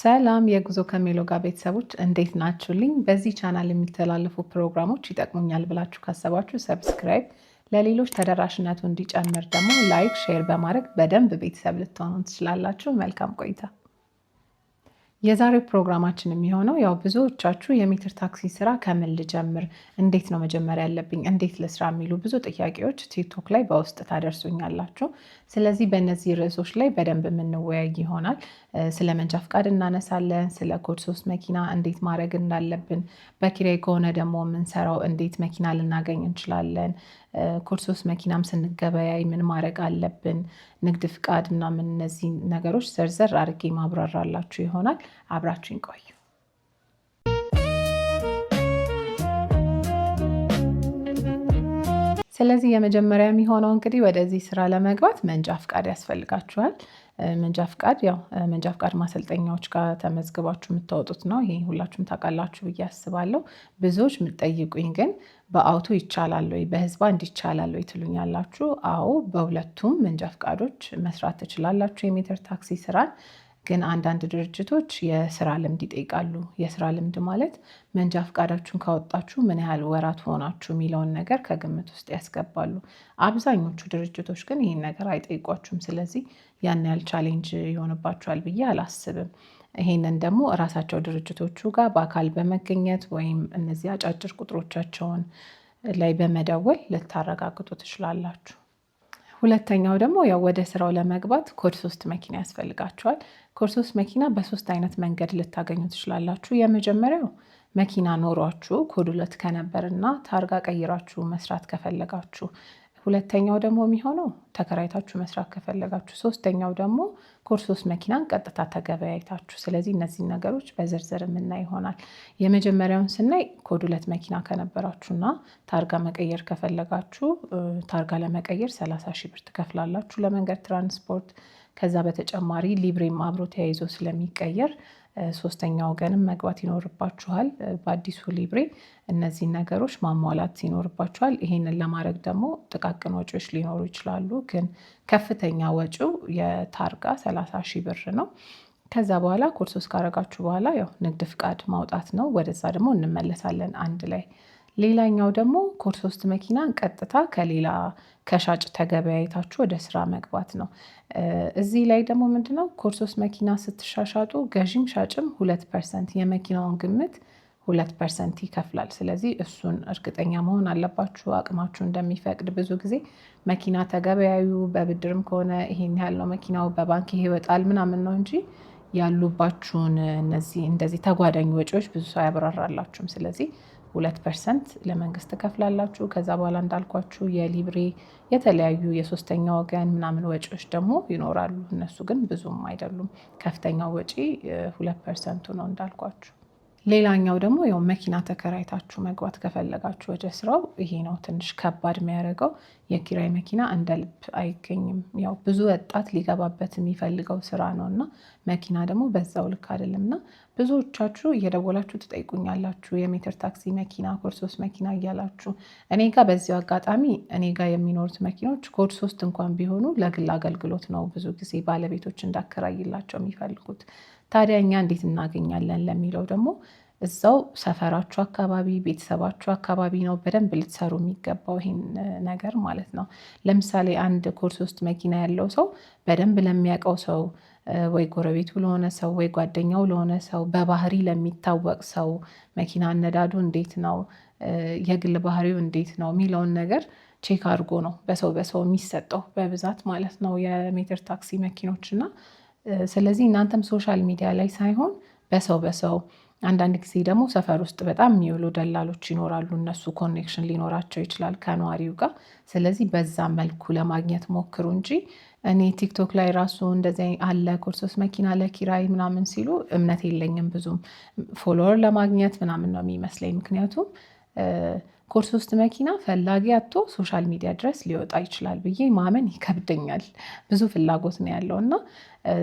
ሰላም የጉዞ ከሜሎ ጋር ቤተሰቦች እንዴት ናችሁልኝ? በዚህ ቻናል የሚተላለፉ ፕሮግራሞች ይጠቅሙኛል ብላችሁ ካሰባችሁ ሰብስክራይብ፣ ለሌሎች ተደራሽነቱ እንዲጨምር ደግሞ ላይክ፣ ሼር በማድረግ በደንብ ቤተሰብ ልትሆኑ ትችላላችሁ። መልካም ቆይታ። የዛሬው ፕሮግራማችን የሚሆነው ያው ብዙዎቻችሁ የሜትር ታክሲ ስራ ከምን ልጀምር፣ እንዴት ነው መጀመሪያ ያለብኝ፣ እንዴት ለስራ የሚሉ ብዙ ጥያቄዎች ቲክቶክ ላይ በውስጥ ታደርሱኛላችሁ። ስለዚህ በእነዚህ ርዕሶች ላይ በደንብ የምንወያይ ይሆናል። ስለ መንጃ ፍቃድ እናነሳለን፣ ስለ ኮድ ሶስት መኪና እንዴት ማድረግ እንዳለብን፣ በኪራይ ከሆነ ደግሞ የምንሰራው እንዴት መኪና ልናገኝ እንችላለን፣ ኮድ ሶስት መኪናም ስንገበያይ ምን ማድረግ አለብን፣ ንግድ ፍቃድ እና ምን እነዚህ ነገሮች ዘርዘር አድርጌ ማብራራላችሁ ይሆናል። አብራችሁን ቆዩ። ስለዚህ የመጀመሪያ የሚሆነው እንግዲህ ወደዚህ ስራ ለመግባት መንጃ ፍቃድ ያስፈልጋችኋል። መንጃ ፍቃድ ያው መንጃ ፍቃድ ማሰልጠኛዎች ጋር ተመዝግባችሁ የምታወጡት ነው። ይሄ ሁላችሁም ታውቃላችሁ ብዬ አስባለሁ። ብዙዎች የምጠይቁኝ ግን በአውቶ ይቻላል ወይ በህዝባ እንዲቻላል ወይ ትሉኛላችሁ። አዎ በሁለቱም መንጃ ፍቃዶች መስራት ትችላላችሁ የሜትር ታክሲ ስራን ግን አንዳንድ ድርጅቶች የስራ ልምድ ይጠይቃሉ። የስራ ልምድ ማለት መንጃ ፈቃዳችሁን ካወጣችሁ ምን ያህል ወራት ሆናችሁ የሚለውን ነገር ከግምት ውስጥ ያስገባሉ። አብዛኞቹ ድርጅቶች ግን ይህን ነገር አይጠይቋችሁም። ስለዚህ ያን ያህል ቻሌንጅ ይሆንባችኋል ብዬ አላስብም። ይሄንን ደግሞ እራሳቸው ድርጅቶቹ ጋር በአካል በመገኘት ወይም እነዚህ አጫጭር ቁጥሮቻቸውን ላይ በመደወል ልታረጋግጡ ትችላላችሁ። ሁለተኛው ደግሞ ያው ወደ ስራው ለመግባት ኮድ ሶስት መኪና ያስፈልጋቸዋል። ኮድ ሶስት መኪና በሶስት አይነት መንገድ ልታገኙ ትችላላችሁ። የመጀመሪያው መኪና ኖሯችሁ ኮድ ሁለት ከነበርና ታርጋ ቀይራችሁ መስራት ከፈለጋችሁ ሁለተኛው ደግሞ የሚሆነው ተከራይታችሁ መስራት ከፈለጋችሁ፣ ሶስተኛው ደግሞ ኮርስ ውስጥ መኪናን ቀጥታ ተገበያይታችሁ። ስለዚህ እነዚህን ነገሮች በዝርዝር የምናይ ይሆናል። የመጀመሪያውን ስናይ ኮድ ሁለት መኪና ከነበራችሁና ታርጋ መቀየር ከፈለጋችሁ ታርጋ ለመቀየር 30 ሺህ ብር ትከፍላላችሁ ለመንገድ ትራንስፖርት። ከዛ በተጨማሪ ሊብሬም አብሮ ተያይዞ ስለሚቀየር ሶስተኛ ወገንም መግባት ይኖርባችኋል። በአዲሱ ሊብሬ እነዚህን ነገሮች ማሟላት ይኖርባችኋል። ይሄንን ለማድረግ ደግሞ ጥቃቅን ወጪዎች ሊኖሩ ይችላሉ። ግን ከፍተኛ ወጪው የታርጋ 30 ሺህ ብር ነው። ከዛ በኋላ ኮርስ ውስጥ ካረጋችሁ በኋላ ያው ንግድ ፍቃድ ማውጣት ነው። ወደዛ ደግሞ እንመለሳለን አንድ ላይ። ሌላኛው ደግሞ ኮርስ ውስጥ መኪና ቀጥታ ከሌላ ከሻጭ ተገበያይታችሁ ወደ ስራ መግባት ነው። እዚህ ላይ ደግሞ ምንድነው ኮርሶስ መኪና ስትሻሻጡ ገዥም ሻጭም ሁለት ፐርሰንት የመኪናውን ግምት ሁለት ፐርሰንት ይከፍላል። ስለዚህ እሱን እርግጠኛ መሆን አለባችሁ አቅማችሁ እንደሚፈቅድ። ብዙ ጊዜ መኪና ተገበያዩ፣ በብድርም ከሆነ ይሄን ያህል ነው መኪናው በባንክ ይሄ ይወጣል ምናምን ነው እንጂ ያሉባችሁን እነዚህ እንደዚህ ተጓዳኝ ወጪዎች ብዙ ሰው አያብራራላችሁም። ስለዚህ ሁለት ፐርሰንት ለመንግስት ትከፍላላችሁ። ከዛ በኋላ እንዳልኳችሁ የሊብሬ የተለያዩ የሶስተኛ ወገን ምናምን ወጪዎች ደግሞ ይኖራሉ። እነሱ ግን ብዙም አይደሉም። ከፍተኛው ወጪ ሁለት ፐርሰንቱ ነው እንዳልኳችሁ። ሌላኛው ደግሞ ያው መኪና ተከራይታችሁ መግባት ከፈለጋችሁ ወደ ስራው ይሄ ነው ትንሽ ከባድ የሚያደርገው። የኪራይ መኪና እንደ ልብ አይገኝም። ያው ብዙ ወጣት ሊገባበት የሚፈልገው ስራ ነው እና መኪና ደግሞ በዛው ልክ አይደለም እና ብዙዎቻችሁ እየደወላችሁ ትጠይቁኛላችሁ። የሜትር ታክሲ መኪና ኮድ ሶስት መኪና እያላችሁ እኔ ጋር በዚሁ አጋጣሚ እኔ ጋር የሚኖሩት መኪኖች ኮድ ሶስት እንኳን ቢሆኑ ለግል አገልግሎት ነው ብዙ ጊዜ ባለቤቶች እንዳከራይላቸው የሚፈልጉት። ታዲያ እኛ እንዴት እናገኛለን ለሚለው ደግሞ እዛው ሰፈራችሁ አካባቢ ቤተሰባችሁ አካባቢ ነው በደንብ ልትሰሩ የሚገባው ይህን ነገር ማለት ነው። ለምሳሌ አንድ ኮርስ ውስጥ መኪና ያለው ሰው በደንብ ለሚያውቀው ሰው ወይ ጎረቤቱ ለሆነ ሰው ወይ ጓደኛው ለሆነ ሰው በባህሪ ለሚታወቅ ሰው መኪና አነዳዱ እንዴት ነው፣ የግል ባህሪው እንዴት ነው የሚለውን ነገር ቼክ አድርጎ ነው በሰው በሰው የሚሰጠው በብዛት ማለት ነው የሜትር ታክሲ መኪኖች እና ስለዚህ እናንተም ሶሻል ሚዲያ ላይ ሳይሆን በሰው በሰው አንዳንድ ጊዜ ደግሞ ሰፈር ውስጥ በጣም የሚውሉ ደላሎች ይኖራሉ። እነሱ ኮኔክሽን ሊኖራቸው ይችላል ከነዋሪው ጋር። ስለዚህ በዛ መልኩ ለማግኘት ሞክሩ እንጂ እኔ ቲክቶክ ላይ ራሱ እንደዚህ አለ ኮርሶስ መኪና ለኪራይ ምናምን ሲሉ እምነት የለኝም ብዙም ፎሎወር ለማግኘት ምናምን ነው የሚመስለኝ ምክንያቱም ኮርስ ውስጥ መኪና ፈላጊ አቶ ሶሻል ሚዲያ ድረስ ሊወጣ ይችላል ብዬ ማመን ይከብደኛል። ብዙ ፍላጎት ነው ያለው እና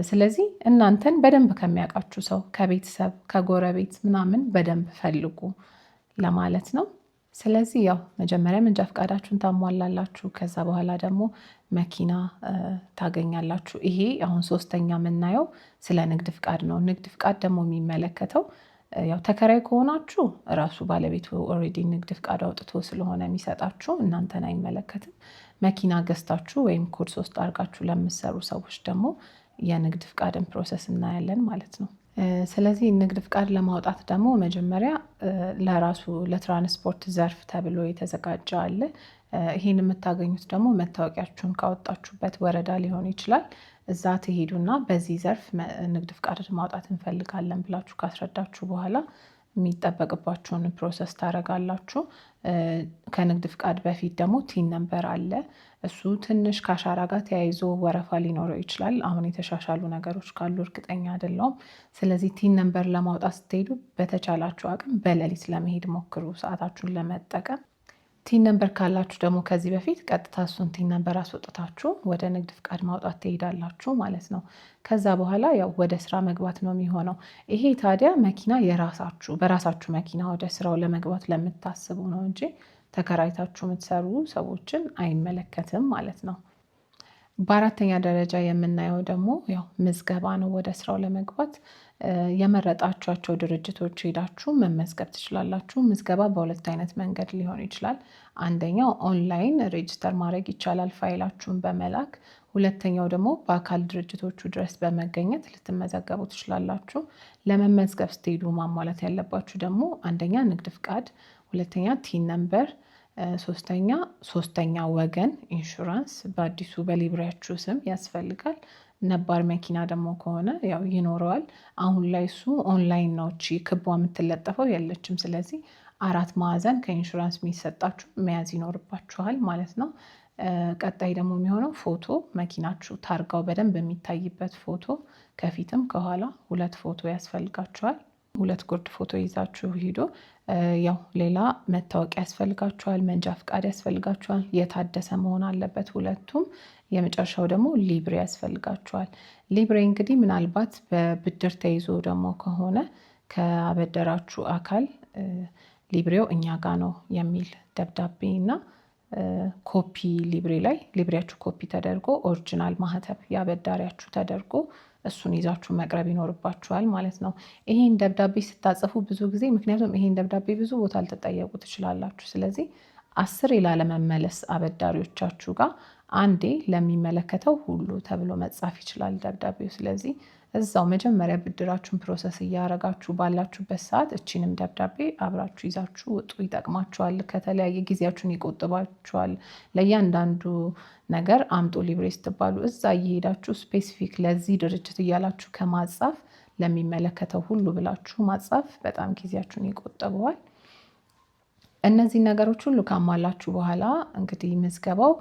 ስለዚህ እናንተን በደንብ ከሚያውቃችሁ ሰው ከቤተሰብ፣ ከጎረቤት ምናምን በደንብ ፈልጉ ለማለት ነው። ስለዚህ ያው መጀመሪያ መንጃ ፈቃዳችሁን ታሟላላችሁ። ከዛ በኋላ ደግሞ መኪና ታገኛላችሁ። ይሄ አሁን ሶስተኛ የምናየው ስለ ንግድ ፍቃድ ነው። ንግድ ፍቃድ ደግሞ የሚመለከተው ያው ተከራይ ከሆናችሁ እራሱ ባለቤቱ ኦልሬዲ ንግድ ፍቃድ አውጥቶ ስለሆነ የሚሰጣችሁ እናንተን አይመለከትም። መኪና ገዝታችሁ ወይም ኮድ ሶስት አድርጋችሁ ለምትሰሩ ሰዎች ደግሞ የንግድ ፍቃድን ፕሮሰስ እናያለን ማለት ነው። ስለዚህ ንግድ ፍቃድ ለማውጣት ደግሞ መጀመሪያ ለራሱ ለትራንስፖርት ዘርፍ ተብሎ የተዘጋጀ አለ። ይህን የምታገኙት ደግሞ መታወቂያችሁን ካወጣችሁበት ወረዳ ሊሆን ይችላል እዛ ትሄዱና በዚህ ዘርፍ ንግድ ፍቃድ ማውጣት እንፈልጋለን ብላችሁ ካስረዳችሁ በኋላ የሚጠበቅባችሁን ፕሮሰስ ታደርጋላችሁ። ከንግድ ፍቃድ በፊት ደግሞ ቲን ነንበር አለ። እሱ ትንሽ ከአሻራ ጋር ተያይዞ ወረፋ ሊኖረው ይችላል። አሁን የተሻሻሉ ነገሮች ካሉ እርግጠኛ አይደለውም ስለዚህ ቲን ነንበር ለማውጣት ስትሄዱ በተቻላችሁ አቅም በሌሊት ለመሄድ ሞክሩ፣ ሰዓታችሁን ለመጠቀም ቲን ነምበር ካላችሁ ደግሞ ከዚህ በፊት ቀጥታ እሱን ቲን ነምበር አስወጥታችሁ ወደ ንግድ ፍቃድ ማውጣት ትሄዳላችሁ ማለት ነው። ከዛ በኋላ ያው ወደ ስራ መግባት ነው የሚሆነው። ይሄ ታዲያ መኪና የራሳችሁ በራሳችሁ መኪና ወደ ስራው ለመግባት ለምታስቡ ነው እንጂ ተከራይታችሁ የምትሰሩ ሰዎችን አይመለከትም ማለት ነው። በአራተኛ ደረጃ የምናየው ደግሞ ያው ምዝገባ ነው። ወደ ስራው ለመግባት የመረጣችኋቸው ድርጅቶች ሄዳችሁ መመዝገብ ትችላላችሁ። ምዝገባ በሁለት አይነት መንገድ ሊሆን ይችላል። አንደኛው ኦንላይን ሬጅስተር ማድረግ ይቻላል ፋይላችሁን በመላክ ሁለተኛው ደግሞ በአካል ድርጅቶቹ ድረስ በመገኘት ልትመዘገቡ ትችላላችሁ። ለመመዝገብ ስትሄዱ ማሟላት ያለባችሁ ደግሞ አንደኛ ንግድ ፍቃድ፣ ሁለተኛ ቲን ነምበር፣ ሶስተኛ ሶስተኛ ወገን ኢንሹራንስ በአዲሱ በሊብሪያችሁ ስም ያስፈልጋል። ነባር መኪና ደግሞ ከሆነ ያው ይኖረዋል። አሁን ላይ እሱ ኦንላይን ነው እቺ ክቧ የምትለጠፈው የለችም። ስለዚህ አራት ማዕዘን ከኢንሹራንስ የሚሰጣችሁ መያዝ ይኖርባችኋል ማለት ነው። ቀጣይ ደግሞ የሚሆነው ፎቶ መኪናችሁ ታርጋው በደንብ የሚታይበት ፎቶ፣ ከፊትም ከኋላ ሁለት ፎቶ ያስፈልጋችኋል። ሁለት ጉርድ ፎቶ ይዛችሁ ሂዶ ያው ሌላ መታወቂያ ያስፈልጋቸዋል፣ መንጃ ፍቃድ ያስፈልጋቸዋል። የታደሰ መሆን አለበት ሁለቱም። የመጨረሻው ደግሞ ሊብሬ ያስፈልጋቸዋል። ሊብሬ እንግዲህ ምናልባት በብድር ተይዞ ደግሞ ከሆነ ከአበደራችሁ አካል ሊብሬው እኛ ጋ ነው የሚል ደብዳቤ እና ኮፒ ሊብሬ ላይ ሊብሬያችሁ ኮፒ ተደርጎ ኦሪጂናል ማህተብ የአበዳሪያችሁ ተደርጎ እሱን ይዛችሁ መቅረብ ይኖርባችኋል ማለት ነው። ይሄን ደብዳቤ ስታጽፉ ብዙ ጊዜ ምክንያቱም ይሄን ደብዳቤ ብዙ ቦታ ልትጠየቁ ትችላላችሁ። ስለዚህ አስር ላለመመለስ አበዳሪዎቻችሁ ጋር አንዴ ለሚመለከተው ሁሉ ተብሎ መጻፍ ይችላል ደብዳቤው። ስለዚህ እዛው መጀመሪያ ብድራችሁን ፕሮሰስ እያረጋችሁ ባላችሁበት ሰዓት እቺንም ደብዳቤ አብራችሁ ይዛችሁ ውጡ። ይጠቅማችኋል፣ ከተለያየ ጊዜያችሁን ይቆጥባችኋል። ለእያንዳንዱ ነገር አምጦ ሊብሬ ስትባሉ እዛ እየሄዳችሁ ስፔሲፊክ ለዚህ ድርጅት እያላችሁ ከማጻፍ ለሚመለከተው ሁሉ ብላችሁ ማጻፍ በጣም ጊዜያችሁን ይቆጥበዋል። እነዚህ ነገሮች ሁሉ ካሟላችሁ በኋላ እንግዲህ ምዝገባው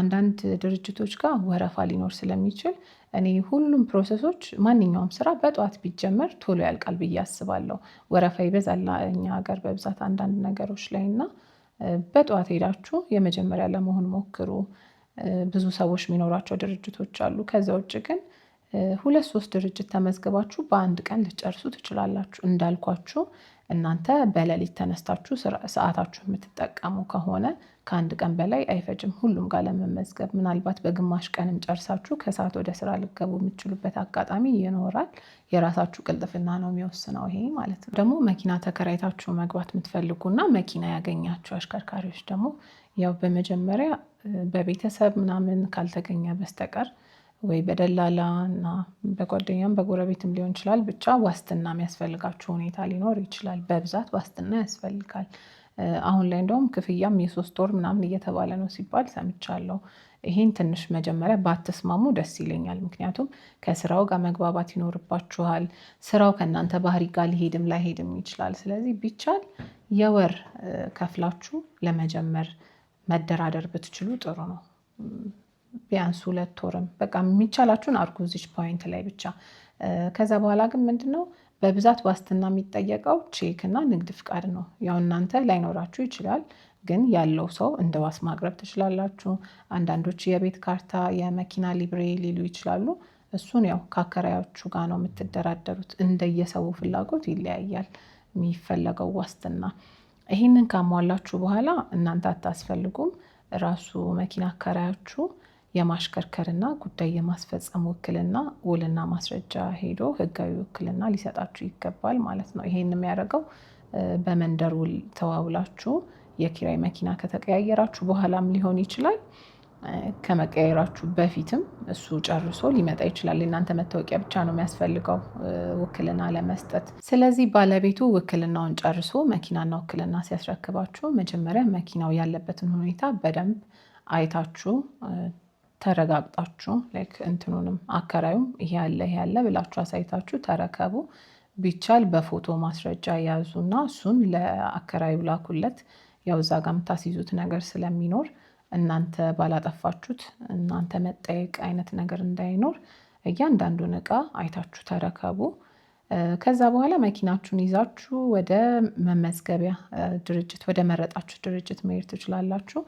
አንዳንድ ድርጅቶች ጋር ወረፋ ሊኖር ስለሚችል እኔ ሁሉም ፕሮሰሶች ማንኛውም ስራ በጠዋት ቢጀመር ቶሎ ያልቃል ብዬ አስባለሁ። ወረፋ ይበዛል እኛ ሀገር በብዛት አንዳንድ ነገሮች ላይ እና በጠዋት ሄዳችሁ የመጀመሪያ ለመሆን ሞክሩ። ብዙ ሰዎች የሚኖራቸው ድርጅቶች አሉ። ከዚ ውጭ ግን ሁለት ሶስት ድርጅት ተመዝግባችሁ በአንድ ቀን ልትጨርሱ ትችላላችሁ። እንዳልኳችሁ እናንተ በሌሊት ተነስታችሁ ሰዓታችሁ የምትጠቀሙ ከሆነ ከአንድ ቀን በላይ አይፈጅም ሁሉም ጋር ለመመዝገብ። ምናልባት በግማሽ ቀንም ጨርሳችሁ ከሰዓት ወደ ስራ ልገቡ የምችሉበት አጋጣሚ ይኖራል። የራሳችሁ ቅልጥፍና ነው የሚወስነው ይሄ ማለት ነው። ደግሞ መኪና ተከራይታችሁ መግባት የምትፈልጉና መኪና ያገኛችሁ አሽከርካሪዎች ደግሞ ያው በመጀመሪያ በቤተሰብ ምናምን ካልተገኘ በስተቀር ወይ በደላላ እና በጓደኛም በጎረቤትም ሊሆን ይችላል። ብቻ ዋስትና የሚያስፈልጋቸው ሁኔታ ሊኖር ይችላል። በብዛት ዋስትና ያስፈልጋል። አሁን ላይ እንደውም ክፍያም የሶስት ወር ምናምን እየተባለ ነው ሲባል ሰምቻለሁ። ይሄን ትንሽ መጀመሪያ ባትስማሙ ደስ ይለኛል። ምክንያቱም ከስራው ጋር መግባባት ይኖርባችኋል። ስራው ከእናንተ ባህሪ ጋር ሊሄድም ላይሄድም ይችላል። ስለዚህ ቢቻል የወር ከፍላችሁ ለመጀመር መደራደር ብትችሉ ጥሩ ነው። ቢያንስ ሁለት ወርም በቃ የሚቻላችሁን አድርጉ እዚች ፖይንት ላይ ብቻ። ከዛ በኋላ ግን ምንድነው በብዛት ዋስትና የሚጠየቀው ቼክ እና ንግድ ፍቃድ ነው። ያው እናንተ ላይኖራችሁ ይችላል፣ ግን ያለው ሰው እንደ ዋስ ማቅረብ ትችላላችሁ። አንዳንዶች የቤት ካርታ፣ የመኪና ሊብሬ ሊሉ ይችላሉ። እሱን ያው ከአከራዮቹ ጋር ነው የምትደራደሩት። እንደየሰው ፍላጎት ይለያያል የሚፈለገው ዋስትና። ይህንን ካሟላችሁ በኋላ እናንተ አታስፈልጉም። ራሱ መኪና አከራያችሁ የማሽከርከርና ጉዳይ የማስፈጸም ውክልና ውልና ማስረጃ ሄዶ ህጋዊ ውክልና ሊሰጣችሁ ይገባል ማለት ነው። ይሄን የሚያደርገው በመንደር ውል ተዋውላችሁ የኪራይ መኪና ከተቀያየራችሁ በኋላም ሊሆን ይችላል። ከመቀየራችሁ በፊትም እሱ ጨርሶ ሊመጣ ይችላል። የእናንተ መታወቂያ ብቻ ነው የሚያስፈልገው ውክልና ለመስጠት። ስለዚህ ባለቤቱ ውክልናውን ጨርሶ መኪናና ውክልና ሲያስረክባችሁ መጀመሪያ መኪናው ያለበትን ሁኔታ በደንብ አይታችሁ ተረጋግጣችሁ ላይክ እንትኑንም አከራዩም ይሄ ያለ ይሄ ያለ ብላችሁ አሳይታችሁ ተረከቡ። ቢቻል በፎቶ ማስረጃ ያዙና እሱን ለአከራዩ ላኩለት። ያው እዛ ጋ የምታስይዙት ነገር ስለሚኖር እናንተ ባላጠፋችሁት እናንተ መጠየቅ አይነት ነገር እንዳይኖር እያንዳንዱን እቃ አይታችሁ ተረከቡ። ከዛ በኋላ መኪናችሁን ይዛችሁ ወደ መመዝገቢያ ድርጅት ወደ መረጣችሁ ድርጅት መሄድ ትችላላችሁ።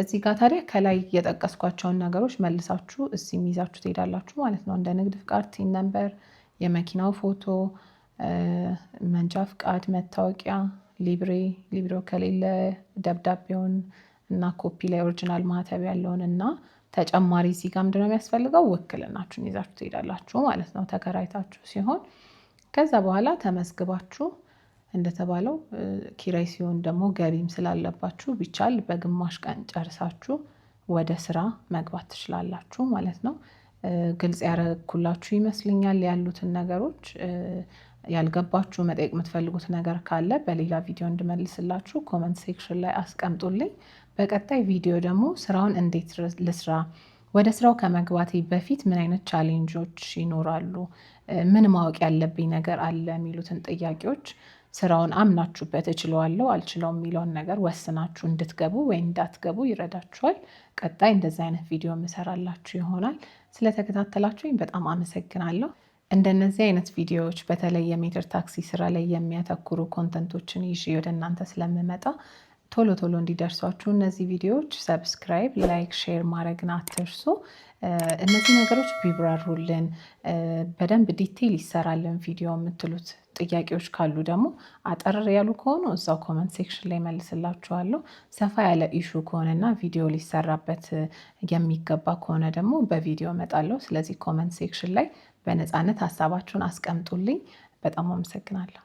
እዚህ ጋር ታዲያ ከላይ የጠቀስኳቸውን ነገሮች መልሳችሁ እዚህም ይዛችሁ ትሄዳላችሁ ማለት ነው። እንደ ንግድ ፍቃድ፣ ቲን ነምበር፣ የመኪናው ፎቶ፣ መንጃ ፍቃድ፣ መታወቂያ፣ ሊብሬ ሊብሮ ከሌለ ደብዳቤውን እና ኮፒ ላይ ኦሪጂናል ማህተብ ያለውን እና ተጨማሪ እዚህ ጋር ምንድነው የሚያስፈልገው ውክልናችሁን ይዛችሁ ትሄዳላችሁ ማለት ነው። ተከራይታችሁ ሲሆን ከዛ በኋላ ተመዝግባችሁ እንደተባለው ኪራይ ሲሆን ደግሞ ገቢም ስላለባችሁ ቢቻል በግማሽ ቀን ጨርሳችሁ ወደ ስራ መግባት ትችላላችሁ ማለት ነው። ግልጽ ያረኩላችሁ ይመስልኛል ያሉትን ነገሮች ያልገባችሁ መጠየቅ የምትፈልጉት ነገር ካለ በሌላ ቪዲዮ እንድመልስላችሁ ኮመንት ሴክሽን ላይ አስቀምጡልኝ። በቀጣይ ቪዲዮ ደግሞ ስራውን እንዴት ልስራ ወደ ስራው ከመግባቴ በፊት ምን አይነት ቻሌንጆች ይኖራሉ፣ ምን ማወቅ ያለብኝ ነገር አለ የሚሉትን ጥያቄዎች ስራውን አምናችሁበት እችለዋለሁ አልችለውም የሚለውን ነገር ወስናችሁ እንድትገቡ ወይ እንዳትገቡ ይረዳችኋል። ቀጣይ እንደዚህ አይነት ቪዲዮ የምሰራላችሁ ይሆናል። ስለተከታተላችሁኝ በጣም አመሰግናለሁ። እንደነዚህ አይነት ቪዲዮዎች በተለይ የሜትር ታክሲ ስራ ላይ የሚያተኩሩ ኮንተንቶችን ይዤ ወደ እናንተ ስለምመጣ ቶሎ ቶሎ እንዲደርሷችሁ እነዚህ ቪዲዮዎች ሰብስክራይብ፣ ላይክ፣ ሼር ማድረግን አትርሱ። እነዚህ ነገሮች ቢብራሩልን በደንብ ዲቴይል ይሰራልን ቪዲዮ የምትሉት ጥያቄዎች ካሉ ደግሞ አጠር ያሉ ከሆኑ እዛው ኮመንት ሴክሽን ላይ መልስላችኋለሁ። ሰፋ ያለ ኢሹ ከሆነና ቪዲዮ ሊሰራበት የሚገባ ከሆነ ደግሞ በቪዲዮ እመጣለሁ። ስለዚህ ኮመንት ሴክሽን ላይ በነፃነት ሀሳባችሁን አስቀምጡልኝ። በጣም አመሰግናለሁ።